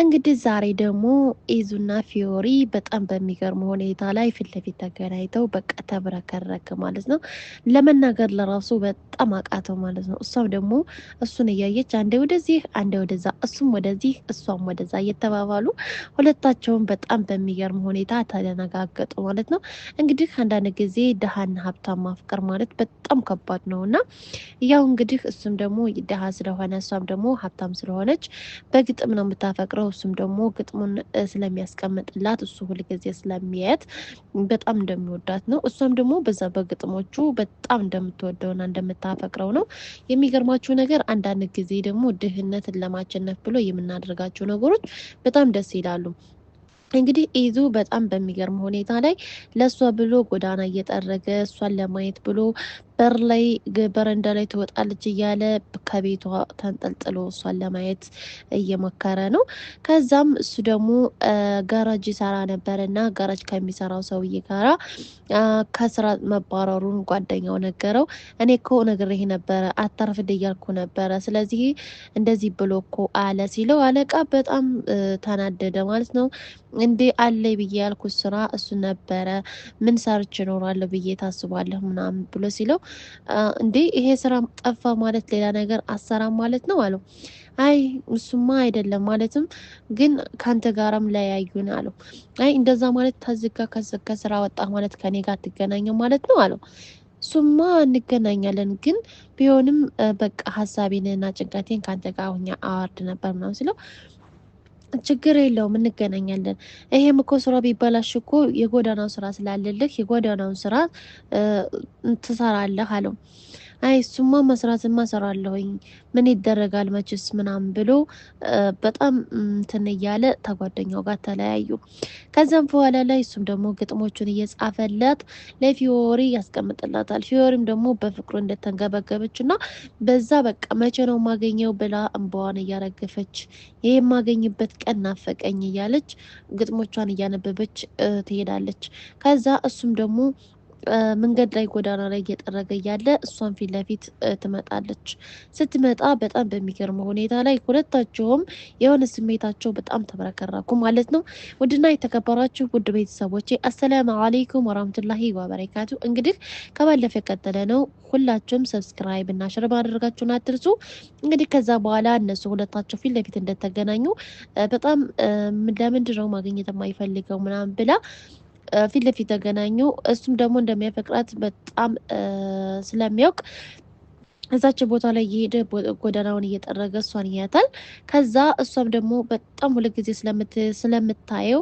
እንግዲህ ዛሬ ደግሞ ኢዙና ፊዮሪ በጣም በሚገርም ሁኔታ ላይ ፊት ለፊት ተገናኝተው በቃ ተብረከረክ ማለት ነው። ለመናገር ለራሱ በጣም አቃተው ማለት ነው። እሷም ደግሞ እሱን እያየች አንዴ ወደዚህ አንዴ ወደዛ፣ እሱም ወደዚህ እሷም ወደዛ እየተባባሉ ሁለታቸውን በጣም በሚገርም ሁኔታ ተደነጋገጡ ማለት ነው። እንግዲህ አንዳንድ ጊዜ ድሃን ሀብታም ማፍቀር ማለት በጣም ከባድ ነው እና ያው እንግዲህ እሱም ደግሞ ድሃ ስለሆነ እሷም ደግሞ ሀብታም ስለሆነች በግጥም ነው የምታፈቅረው እሱም ደግሞ ግጥሙን ስለሚያስቀምጥላት እሱ ሁልጊዜ ስለሚያየት በጣም እንደሚወዳት ነው። እሷም ደግሞ በዛ በግጥሞቹ በጣም እንደምትወደውና እንደምታፈቅረው ነው። የሚገርማችሁ ነገር አንዳንድ ጊዜ ደግሞ ድህነትን ለማቸነፍ ብሎ የምናደርጋቸው ነገሮች በጣም ደስ ይላሉ። እንግዲህ ኢዙ በጣም በሚገርም ሁኔታ ላይ ለእሷ ብሎ ጎዳና እየጠረገ እሷን ለማየት ብሎ በር ላይ በረንዳ ላይ ትወጣለች እያለ ከቤቷ ተንጠልጥሎ እሷን ለማየት እየሞከረ ነው። ከዛም እሱ ደግሞ ጋራጅ ይሰራ ነበር እና ጋራጅ ከሚሰራው ሰውዬ ጋራ ከስራ መባረሩን ጓደኛው ነገረው። እኔ እኮ ነግሬህ ነበረ አታርፍድ እያልኩ ነበረ፣ ስለዚህ እንደዚህ ብሎ እኮ አለ ሲለው አለቃ በጣም ተናደደ ማለት ነው። እንዴ አለ ብዬ ያልኩት ስራ እሱ ነበረ ምን ሰርች እኖራለሁ ብዬ ታስባለሁ ምናምን ብሎ ሲለው እንዴ ይሄ ስራ ጠፋ ማለት ሌላ ነገር አሰራም ማለት ነው አለው። አይ እሱማ አይደለም ማለትም ግን ከአንተ ጋራም ለያዩን አለው። አይ እንደዛ ማለት ታዝጋ ከስራ ወጣ ማለት ከኔ ጋር ትገናኘው ማለት ነው አለው። እሱማ እንገናኛለን ግን ቢሆንም በቃ ሀሳቤንና ጭንቀቴን ከአንተ ጋር ሁኛ አዋርድ ነበር ምናምን ስለው ችግር የለውም እንገናኛለን። ይሄም እኮ ስራ ቢበላሽ እኮ የጎዳናው ስራ ስላለልህ የጎዳናውን ስራ ትሰራለህ አለው። አይ እሱማ መስራትማ ሰራለሁኝ ምን ይደረጋል መችስ ምናምን ብሎ በጣም እንትን እያለ ተጓደኛው ጋር ተለያዩ። ከዚያም በኋላ ላይ እሱም ደግሞ ግጥሞቹን እየጻፈላት ለፊዮሪ ያስቀምጥላታል። ፊዮሪም ደግሞ በፍቅሩ እንደተንገበገበች እና በዛ በቃ መቼ ነው የማገኘው ብላ እንባዋን እያረገፈች ይህ የማገኝበት ቀን ናፈቀኝ እያለች ግጥሞቿን እያነበበች ትሄዳለች። ከዛ እሱም ደግሞ መንገድ ላይ ጎዳና ላይ እየጠረገ እያለ እሷን ፊት ለፊት ትመጣለች። ስትመጣ በጣም በሚገርመ ሁኔታ ላይ ሁለታቸውም የሆነ ስሜታቸው በጣም ተብረከረኩ ማለት ነው። ውድና የተከበራችሁ ውድ ቤተሰቦቼ አሰላሙ አሌይኩም ወራህመቱላሂ ወበረካቱ። እንግዲህ ከባለፈ የቀጠለ ነው። ሁላችሁም ሰብስክራይብ እና ሸር ማድረጋችሁን አትርሱ። እንግዲህ ከዛ በኋላ እነሱ ሁለታቸው ፊት ለፊት እንደተገናኙ በጣም ለምንድነው ነው ማግኘት የማይፈልገው ምናምን ብላ ፊት ለፊት ተገናኙ። እሱም ደግሞ እንደሚያፈቅራት በጣም ስለሚያውቅ እዛች ቦታ ላይ እየሄደ ጎዳናውን እየጠረገ እሷን ይያታል። ከዛ እሷም ደግሞ በጣም ጊዜ ስለምታየው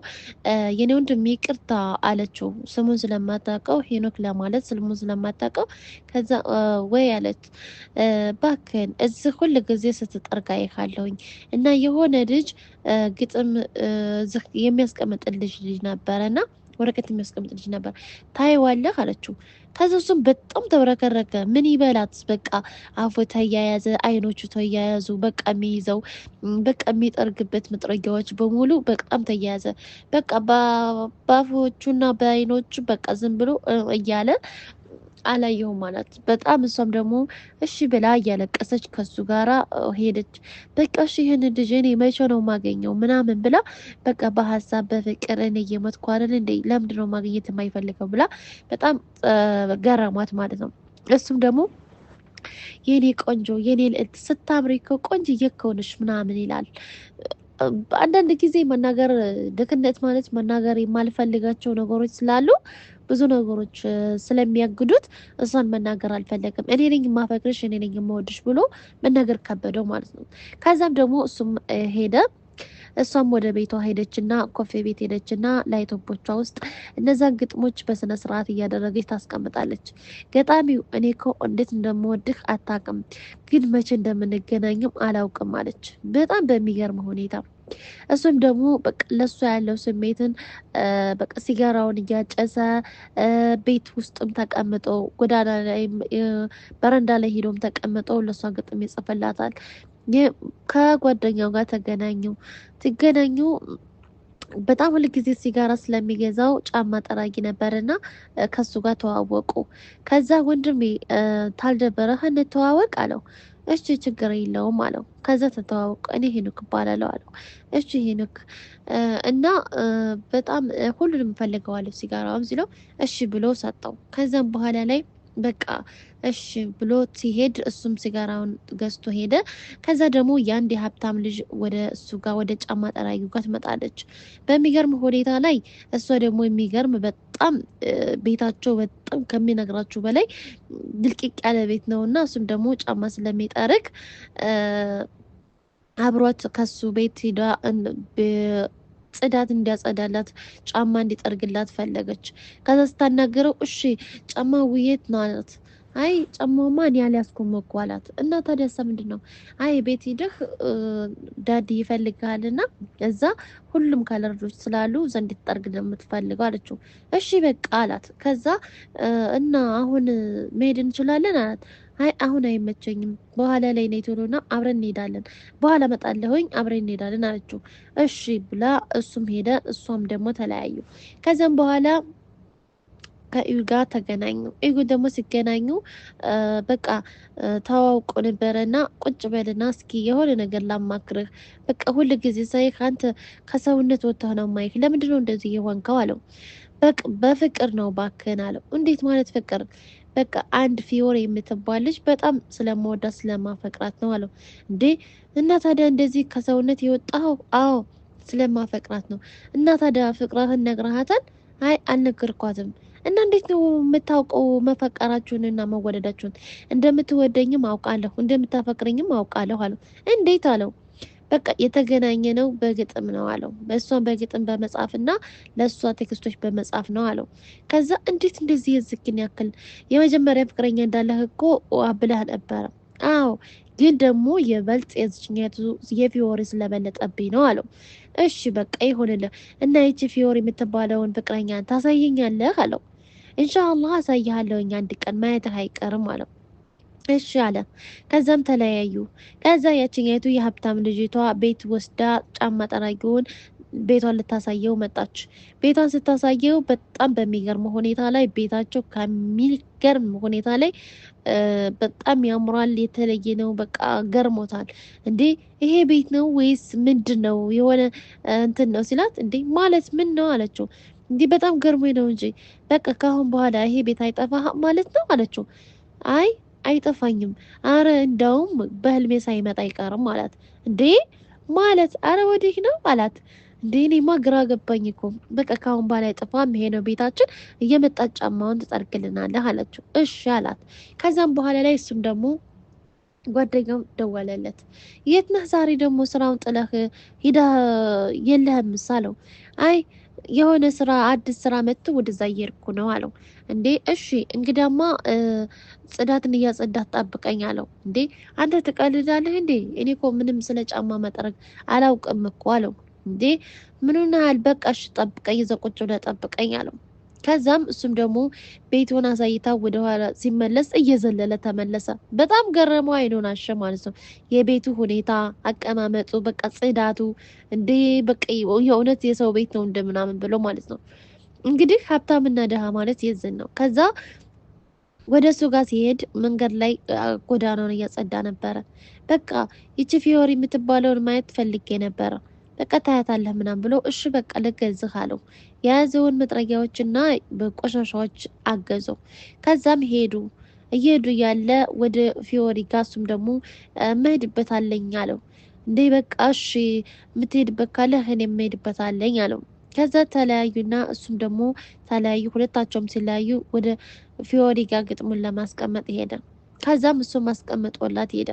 የኔ ወንድም ይቅርታ አለችው፣ ስሙን ስለማታውቀው ሄኖክ ለማለት ስሙን ስለማታውቀው። ከዛ ወይ አለች እባክህን እዚህ ጊዜ ስትጠርጋ ይካለውኝ እና የሆነ ልጅ ግጥም የሚያስቀምጥልሽ ልጅ ነበረና ወረቀት የሚያስቀምጥ ልጅ ነበር። ታይዋለህ አለችው። ከዛ እሱም በጣም ተብረከረከ። ምን ይበላት በቃ አፎ ተያያዘ፣ አይኖቹ ተያያዙ። በቃ የሚይዘው በቃ የሚጠርግበት መጥረጊያዎች በሙሉ በጣም ተያያዘ። በቃ በአፎቹና በአይኖቹ በቃ ዝም ብሎ እያለ አላየሁም አላት። በጣም እሷም ደግሞ እሺ ብላ እያለቀሰች ከሱ ጋራ ሄደች። በቃ እሺ ይህን ልጅ እኔ መቼ ነው ማገኘው ምናምን ብላ በቃ በሀሳብ በፍቅር እኔ እየመትኳለን አይደል እንዴ ለምንድን ነው ማግኘት የማይፈልገው ብላ በጣም ገረሟት ማለት ነው። እሱም ደግሞ የኔ ቆንጆ የኔ ልዕልት ስታምሪ እኮ ቆንጅዬ እኮ ምናምን ይላል። አንዳንድ ጊዜ መናገር ድክነት ማለት መናገር የማልፈልጋቸው ነገሮች ስላሉ ብዙ ነገሮች ስለሚያግዱት እሷን መናገር አልፈለግም። እኔ ነኝ የማፈቅርሽ፣ እኔ ነኝ የማወድሽ ብሎ መናገር ከበደው ማለት ነው። ከዛም ደግሞ እሱም ሄደ። እሷም ወደ ቤቷ ሄደችና ኮፌ ቤት ሄደችና ላይቶቦቿ ውስጥ እነዛን ግጥሞች በስነ ስርዓት እያደረገች ታስቀምጣለች። ገጣሚው እኔ እኮ እንዴት እንደምወድህ አታውቅም፣ ግን መቼ እንደምንገናኝም አላውቅም አለች። በጣም በሚገርም ሁኔታ እሱም ደግሞ ለሱ ያለው ስሜትን በቃ ሲጋራውን እያጨሰ ቤት ውስጥም ተቀምጦ ጎዳና ላይ በረንዳ ላይ ሄዶም ተቀምጦ ለእሷ ግጥም ይጽፍላታል። ከጓደኛው ጋር ተገናኙ ሲገናኙ በጣም ሁልጊዜ ሲጋራ ስለሚገዛው ጫማ ጠራጊ ነበርና ከሱ ጋር ተዋወቁ። ከዛ ወንድሜ ታልደበረህ እንተዋወቅ አለው። እሺ ችግር የለውም አለው። ከዛ ተተዋወቁ። እኔ ሄኖክ እባላለሁ አለው። እሺ ሄኖክ እና በጣም ሁሉንም እፈልገዋለሁ ሲጋራ ሲለው እሺ ብሎ ሰጠው። ከዛም በኋላ ላይ በቃ እሺ ብሎ ሲሄድ እሱም ሲጋራውን ገዝቶ ሄደ። ከዛ ደግሞ የአንድ የሀብታም ልጅ ወደ እሱ ጋር ወደ ጫማ ጠራጊ ጋር ትመጣለች። በሚገርም ሁኔታ ላይ እሷ ደግሞ የሚገርም በጣም ቤታቸው በጣም ከሚነግራችሁ በላይ ድልቅቅ ያለ ቤት ነው እና እሱም ደግሞ ጫማ ስለሚጠርግ አብሯት ከሱ ቤት ሄዳ ጽዳት እንዲያጸዳላት ጫማ እንዲጠርግላት ፈለገች። ከዛ ስታናገረው እሺ ጫማ ውየት ነው አላት። አይ ጫማውማ እኔ አልያዝኩም እኮ አላት። እና ታዲያሳ ምንድን ነው? አይ ቤት ሂደህ ዳዲ ይፈልግሃል እና እዛ ሁሉም ከለርዶች ስላሉ ዘንድ ትጠርግ እንደምትፈልገው አለችው። እሺ በቃ አላት። ከዛ እና አሁን መሄድ እንችላለን አላት። አይ አሁን አይመቸኝም፣ በኋላ ላይ ነይ ቶሎና አብረን እንሄዳለን፣ በኋላ መጣለሁኝ አብረን እንሄዳለን አለችው። እሺ ብላ እሱም ሄደ፣ እሷም ደግሞ ተለያዩ። ከዚያም በኋላ ከኢዩ ጋር ተገናኙ። ኢዩ ደግሞ ሲገናኙ በቃ ተዋውቆ ነበረና ቁጭ በልና እስኪ የሆነ ነገር ላማክርህ፣ በቃ ሁል ጊዜ ሳይህ አንተ ከሰውነት ወጥተህ ነው ማይክ፣ ለምንድን ነው እንደዚህ የሆንከው? አለው በፍቅር ነው ባክህን አለው። እንዴት ማለት ፍቅር በቃ አንድ ፊወር የምትባል ልጅ በጣም ስለመወዳት ስለማፈቅራት ነው አለው። እንዴ እና ታዲያ እንደዚህ ከሰውነት የወጣው? አዎ ስለማፈቅራት ነው። እና ታዲያ ፍቅራትን ነግረሃታል? አይ አልነገርኳትም። እና እንዴት ነው የምታውቀው መፈቀራችሁንና መወደዳችሁን? እንደምትወደኝም አውቃለሁ እንደምታፈቅረኝም አውቃለሁ አለው። እንዴት አለው በቃ የተገናኘ ነው በግጥም ነው አለው። በእሷን በግጥም በመጻፍ እና ለእሷ ቴክስቶች በመጻፍ ነው አለው። ከዛ እንዴት እንደዚህ የዝክን ያክል የመጀመሪያ ፍቅረኛ እንዳለህ እኮ አብለህ ነበረ። አዎ ግን ደግሞ የበልጥ የዝችኛቱ የፊዮሪ ስለበለጠብኝ ነው አለው። እሺ በቃ ይሁንልህ እና ይቺ ፊዮሪ የምትባለውን ፍቅረኛን ታሳየኛለህ አለው። ኢንሻአላህ አሳይሃለሁኝ አንድ ቀን ማየትህ አይቀርም አለው። እሺ አለ። ከዛም ተለያዩ። ከዛ ያችኛይቱ የሀብታም ልጅቷ ቤት ወስዳ ጫማ ጠራጊውን ቤቷን ልታሳየው መጣች። ቤቷን ስታሳየው በጣም በሚገርም ሁኔታ ላይ ቤታቸው ከሚገርም ሁኔታ ላይ በጣም ያምራል። የተለየ ነው። በቃ ገርሞታል። እንዴ ይሄ ቤት ነው ወይስ ምንድን ነው የሆነ እንትን ነው ሲላት፣ እንዴ ማለት ምን ነው አለችው። እንዲህ በጣም ገርሞ ነው እንጂ በቃ ከአሁን በኋላ ይሄ ቤት አይጠፋ ማለት ነው አለችው። አይ አይጠፋኝም። አረ እንደውም በህልሜ ሳይመጣ አይቀርም አላት። እንዴ ማለት አረ ወዲህ ነው አላት። እንዴ እኔማ ግራ ገባኝ እኮ በቃ ካሁን በኋላ አይጠፋም፣ ይሄ ነው ቤታችን፣ እየመጣች ጫማውን ትጠርግልናለህ አለችው። እሺ አላት። ከዛም በኋላ ላይ እሱም ደግሞ ጓደኛው ደወለለት። የት ነህ ዛሬ ደግሞ ስራውን ጥለህ ሂዳ የለህም አለው። አይ የሆነ ስራ አዲስ ስራ መጥቶ ወደዛ እየሄድኩ ነው አለው። እንዴ እሺ እንግዳማ ጽዳትን እያጸዳት ጠብቀኝ አለው። እንዴ አንተ ትቀልዳለህ እንዴ? እኔ እኮ ምንም ስለ ጫማ መጠረግ አላውቅም እኮ አለው። እንዴ ምኑናህል በቃ እሺ ጠብቀኝ፣ እዛ ብለህ ጠብቀኝ አለው። ከዛም እሱም ደግሞ ቤቱን አሳይታ ወደኋላ ሲመለስ እየዘለለ ተመለሰ። በጣም ገረመው አይኑን አሸ ማለት ነው። የቤቱ ሁኔታ አቀማመጡ፣ በቃ ጽዳቱ እንደ በቃ የእውነት የሰው ቤት ነው እንደምናምን ብሎ ማለት ነው። እንግዲህ ሀብታምና ድሃ ማለት የዝን ነው። ከዛ ወደ እሱ ጋር ሲሄድ መንገድ ላይ ጎዳናውን እያጸዳ ነበረ። በቃ ይቺ ፊዮሪ የምትባለውን ማየት ፈልጌ ነበረ ተቀታያታለህ ምናም ብሎ እሺ በቃ ልገዝህ አለው። የያዘውን መጥረጊያዎችና ቆሻሻዎች አገዘው። ከዛም ሄዱ። እየሄዱ ያለ ወደ ፊዮሪ ጋ እሱም ደግሞ መሄድበት አለኝ አለው። እንዴ በቃ እሺ የምትሄድበት ካለህ እኔ የምሄድበት አለኝ አለው። ከዛ ተለያዩና እሱም ደግሞ ተለያዩ። ሁለታቸውም ሲለያዩ ወደ ፊዮሪ ጋ ግጥሙን ለማስቀመጥ ሄደ። ከዛም እሱ ማስቀመጦላት ሄደ።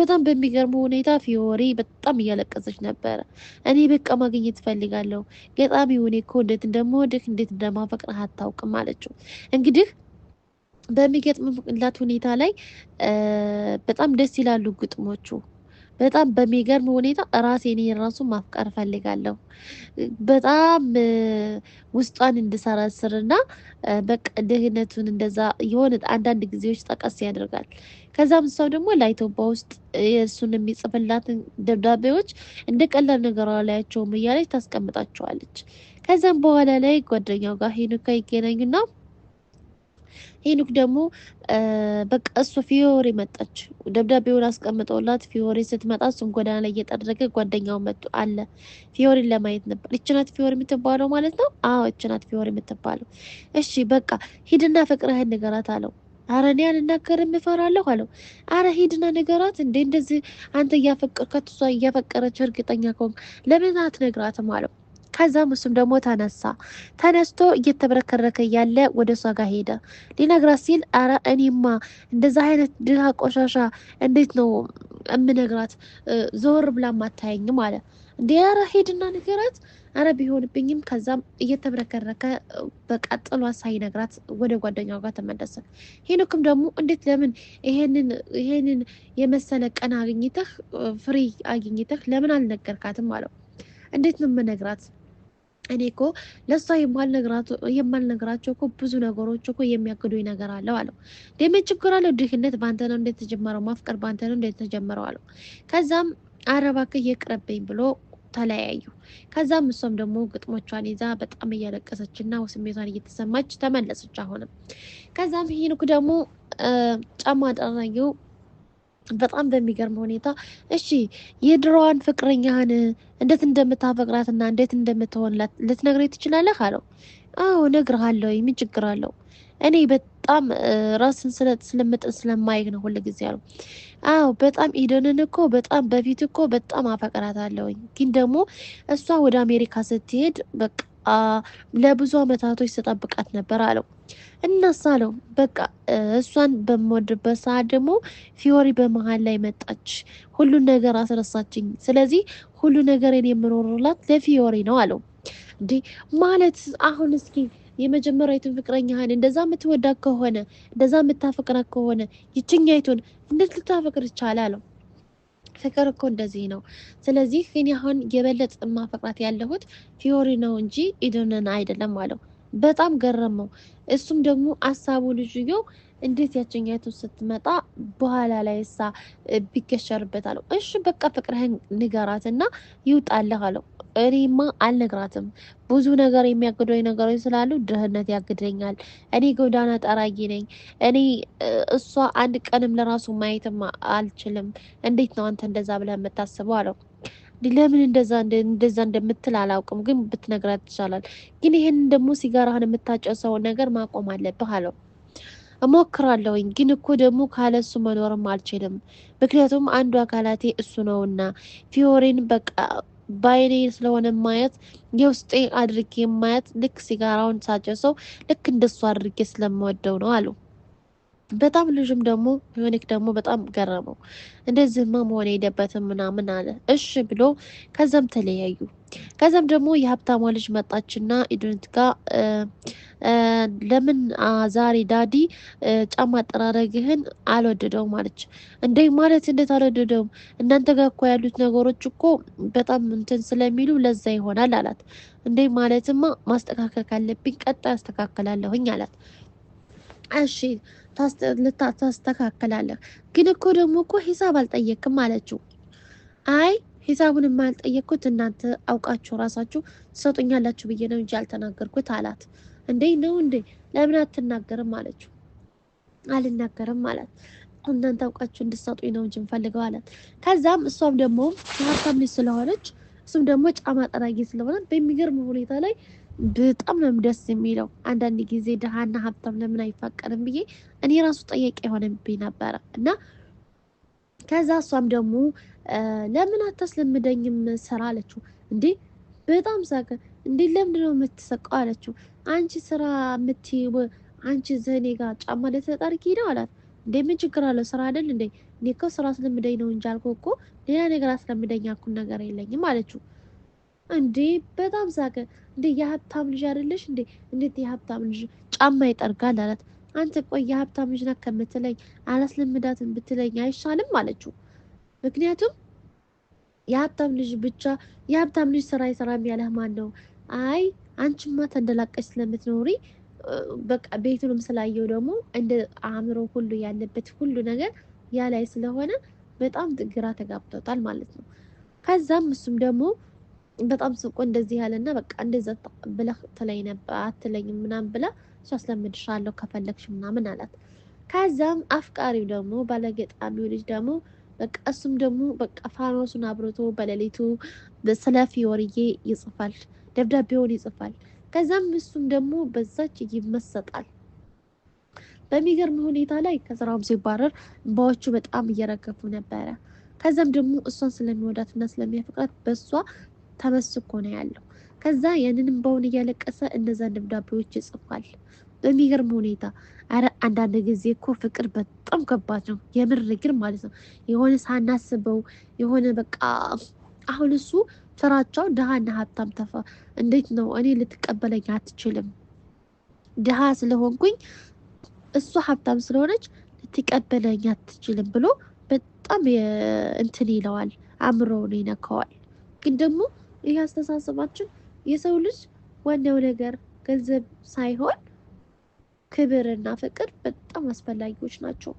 በጣም በሚገርመው ሁኔታ ፊዮሬ በጣም እያለቀሰች ነበረ። እኔ በቃ ማግኘት ፈልጋለሁ ገጣሚ ሆኔ እኮ እንዴት እንደምወድህ እንዴት እንደማፈቅርህ አታውቅም አለችው። እንግዲህ በሚገጥምላት ሁኔታ ላይ በጣም ደስ ይላሉ ግጥሞቹ በጣም በሚገርም ሁኔታ ራሴ እኔ ራሱ ማፍቀር ፈልጋለሁ። በጣም ውስጧን እንድሰረስር እና በቃ ድህነቱን እንደዛ የሆነ አንዳንድ ጊዜዎች ጠቀስ ያደርጋል። ከዛም ሰው ደግሞ ላይቶባ ውስጥ የእሱን የሚጽፍላትን ደብዳቤዎች እንደ ቀላል ነገር አላያቸውም እያለች ታስቀምጣቸዋለች። ከዛም በኋላ ላይ ጓደኛው ጋር ሄኑካ ይገናኙና ሄኖክ ደግሞ በቃ እሱ ፊዮሬ መጣች፣ ደብዳቤውን አስቀምጠውላት ፊዮሬ ስትመጣ እሱን ጎዳና ላይ እየጠረገ ጓደኛው መጡ አለ። ፊዮሬን ለማየት ነበር። እችናት ፊዮሬ የምትባለው ማለት ነው? አዎ እችናት ፊዮሬ የምትባለው። እሺ በቃ ሂድና ፍቅርህን ንገራት አለው። አረ እኔ አልናገርም እፈራለሁ አለው። አረ ሂድና ንገራት እንዴ እንደዚህ አንተ እያፈቀርከት እሷ እያፈቀረች እርግጠኛ ከሆንክ ለምን አትነግራትም አለው። ከዛም እሱም ደግሞ ተነሳ። ተነስቶ እየተብረከረከ እያለ ወደ እሷ ጋር ሄደ። ሊነግራት ሲል አረ እኔማ እንደዛ አይነት ድሃ ቆሻሻ እንዴት ነው እምነግራት? ዞር ብላ ማታየኝም አለ። እንዲ ኧረ ሄድና ንገራት አረ ቢሆንብኝም። ከዛም እየተብረከረከ በቃ ጥሏ ሳይነግራት ወደ ጓደኛው ጋር ተመለሰ። ሄኖክም ደግሞ እንዴት ለምን ይሄንን ይሄንን የመሰለ ቀን አግኝተህ ፍሬ አግኝተህ ለምን አልነገርካትም? አለው እንዴት ነው የምነግራት እኔ እኮ ለእሷ የማልነግራቸው እኮ ብዙ ነገሮች እኮ የሚያግዱኝ ነገር አለው አለው። ደሜ ችግር አለው። ድህነት በአንተ ነው እንዴት ተጀመረው? ማፍቀር በአንተ ነው እንዴት ተጀመረው? አለው። ከዛም አረባክህ የቅረብኝ ብሎ ተለያዩ። ከዛም እሷም ደግሞ ግጥሞቿን ይዛ በጣም እያለቀሰች እና ስሜቷን እየተሰማች ተመለሰች። አሁንም ከዛም ይህንኩ ደግሞ ጫማ ጠረጊው በጣም በሚገርም ሁኔታ እሺ የድሮዋን ፍቅረኛህን እንዴት እንደምታፈቅራትና እንዴት እንደምትሆንላት ልትነግረኝ ትችላለህ? አለው። አዎ እነግርሃለሁ፣ ምን ችግር አለው? እኔ በጣም ራስን ስለምጥን ስለማይግ ነው ሁል ጊዜ አለው። አዎ በጣም ኢደንን እኮ በጣም በፊት እኮ በጣም አለውኝ፣ ግን ደግሞ እሷ ወደ አሜሪካ ስትሄድ በቃ ለብዙ አመታቶች ስጠብቃት ነበር አለው። እናሳ አለው። በቃ እሷን በምወድበት ሰዓት ደግሞ ፊዮሪ በመሀል ላይ መጣች፣ ሁሉን ነገር አስረሳችኝ። ስለዚህ ሁሉ ነገርን የምኖርላት ለፊዮሪ ነው አለው። እንዴ ማለት አሁን እስኪ የመጀመሪያዊቱን ፍቅረኛህን እንደዛ የምትወዳ ከሆነ እንደዛ የምታፈቅራት ከሆነ ይችኛይቱን እንዴት ልታፈቅር ይቻላል? አለው ፍቅር እኮ እንደዚህ ነው። ስለዚህ ግን አሁን የበለጠ ማፈቅራት ያለሁት ፊዮሪ ነው እንጂ ኢዱንን አይደለም አለው። በጣም ገረመው። እሱም ደግሞ አሳቡ ልጅየው እንዴት ያቸኛቱ ስትመጣ በኋላ ላይ እሳ ቢገሸርበት አለው። እሺ በቃ ፍቅርህን ንገራትና ይውጣልህ አለው። እኔማ አልነግራትም ብዙ ነገር የሚያግደኝ ነገሮች ስላሉ ድህነት ያግደኛል። እኔ ጎዳና ጠራጊ ነኝ። እኔ እሷ አንድ ቀንም ለራሱ ማየትም አልችልም። እንዴት ነው አንተ እንደዛ ብለህ የምታስበው አለው። ለምን እንደዛ እንደዛ እንደምትል አላውቅም፣ ግን ብትነግራት ትቻላል። ግን ይሄንን ደግሞ ሲጋራህን የምታጨሰውን ነገር ማቆም አለብህ አለው። እሞክራለሁኝ ግን እኮ ደግሞ ካለሱ መኖርም አልችልም፣ ምክንያቱም አንዱ አካላቴ እሱ ነውና ፊዮሬን በቃ ባይኔ ስለሆነ ማየት የውስጤ አድርጌ ማየት ልክ ሲጋራውን ሳጨሰው ልክ እንደሱ አድርጌ ስለምወደው ነው አሉ። በጣም ልጅም ደግሞ ዮኒክ ደግሞ በጣም ገረመው። እንደዚህማ መሆን የለበትም ምናምን አለ። እሺ ብሎ ከዛም ተለያዩ። ከዛም ደግሞ የሀብታሟ ልጅ መጣችና ኢዱንት ጋር ለምን ዛሬ ዳዲ ጫማ አጠራረግህን አልወደደውም አለች። እንደ ማለት እንዴት አልወደደውም? እናንተ ጋር እኮ ያሉት ነገሮች እኮ በጣም እንትን ስለሚሉ ለዛ ይሆናል አላት። እንደ ማለትማ ማስተካከል ካለብኝ ቀጣይ አስተካከላለሁኝ አላት። እሺ ታስተካከላለህ። ግን እኮ ደግሞ እኮ ሂሳብ አልጠየቅም አለችው። አይ ሂሳቡን የማልጠየቅኩት እናንተ አውቃችሁ ራሳችሁ ትሰጡኛላችሁ ብዬ ነው እንጂ አልተናገርኩት አላት። እንዴ ነው እንዴ ለምን አትናገርም አለችው። አልናገርም አላት። እናንተ አውቃችሁ እንድትሰጡኝ ነው እንጂ እንፈልገው አላት። ከዛም እሷም ደግሞ ሀብታም ልጅ ስለሆነች እሱም ደግሞ ጫማ ጠራጊ ስለሆነ በሚገርም ሁኔታ ላይ በጣም ነው ደስ የሚለው። አንዳንድ ጊዜ ድሃና ሀብታም ለምን አይፋቀርም ብዬ እኔ ራሱ ጠያቂ የሆነብኝ ነበረ እና ከዛ እሷም ደግሞ ለምን አታስለምደኝም ስራ አለችው። እንዴ በጣም ሳቀ። እንዴ ለምንድን ነው የምትሰቀው አለችው። አንቺ ስራ ምት አንቺ ዘኔ ጋር ጫማ ለተጠርጊ ነው አላት። እንዴ ምን ችግር አለው ስራ አይደል እንዴ? እኔ እኮ ስራ አስለምደኝ ነው እንጂ አልኩህ እኮ ሌላ ነገር አስለምደኝ አልኩህ ነገር የለኝም አለችው። እንዴ በጣም ሳቀ። እንዴ የሀብታም ልጅ አይደለሽ እንዴ? እንዴት የሀብታም ልጅ ጫማ ይጠርጋል አላት። አንተ ቆይ የሀብታም ልጅ ናት ከምትለኝ አላስለምዳትን ብትለኝ አይሻልም አለችው። ምክንያቱም የሀብታም ልጅ ብቻ የሀብታም ልጅ ስራ ይሰራም ያለህ ማን ነው? አይ አንቺማ ተንደላቀች ስለምትኖሪ በቃ ቤቱንም ስላየው ደግሞ እንደ አእምሮ ሁሉ ያለበት ሁሉ ነገር ያላይ ስለሆነ በጣም ግራ ተጋብቶታል ማለት ነው። ከዛም እሱም ደግሞ በጣም ስቆ እንደዚህ ያለና በቃ እንደዛ ብለህ ትለኝ ነበር አትለኝ ምናምን ብላ እሷ አስለምድሻለሁ ከፈለግሽ ምናምን አላት። ከዛም አፍቃሪው ደግሞ ባለገጣሚው ልጅ ደግሞ በቃ እሱም ደግሞ በቃ ፋኖሱን አብርቶ በሌሊቱ ስለ ፊዮርዬ ይጽፋል፣ ደብዳቤውን ይጽፋል። ከዛም እሱም ደግሞ በዛች ይመሰጣል። በሚገርም ሁኔታ ላይ ከስራውም ሲባረር እንባዎቹ በጣም እየረገፉ ነበረ። ከዛም ደግሞ እሷን ስለሚወዳትና ስለሚያፈቅራት በእሷ ተመስኮ ነው ያለው። ከዛ ያንንም በውን እያለቀሰ እነዛን ደብዳቤዎች ይጽፋል። በሚገርም ሁኔታ አረ አንዳንድ ጊዜ እኮ ፍቅር በጣም ከባድ ነው። የምር ግን ማለት ነው የሆነ ሳናስበው የሆነ በቃ አሁን እሱ ፍራቸው ድሃና ሀብታም ተፋ እንዴት ነው እኔ ልትቀበለኝ አትችልም። ድሃ ስለሆንኩኝ እሱ ሀብታም ስለሆነች ልትቀበለኝ አትችልም ብሎ በጣም እንትን ይለዋል። አእምሮውን ይነካዋል። ግን ደግሞ ይህ አስተሳሰባችን የሰው ልጅ ዋናው ነገር ገንዘብ ሳይሆን ክብርና ፍቅር በጣም አስፈላጊዎች ናቸው።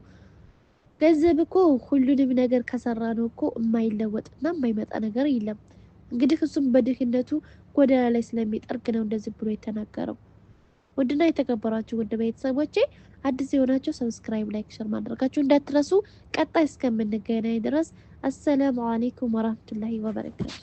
ገንዘብ እኮ ሁሉንም ነገር ከሰራ ነው እኮ የማይለወጥና የማይመጣ ነገር የለም። እንግዲህ እሱም በድህነቱ ጎዳና ላይ ስለሚጠርግ ነው እንደዚህ ብሎ የተናገረው። ውድና የተከበራችሁ ውድ ቤተሰቦቼ አዲስ የሆናቸው ሰብስክራይብ፣ ላይክ፣ ሸር ማድረጋችሁ እንዳትረሱ። ቀጣይ እስከምንገናኝ ድረስ አሰላሙ አሌይኩም ወራህመቱላሂ ወበረካቱ።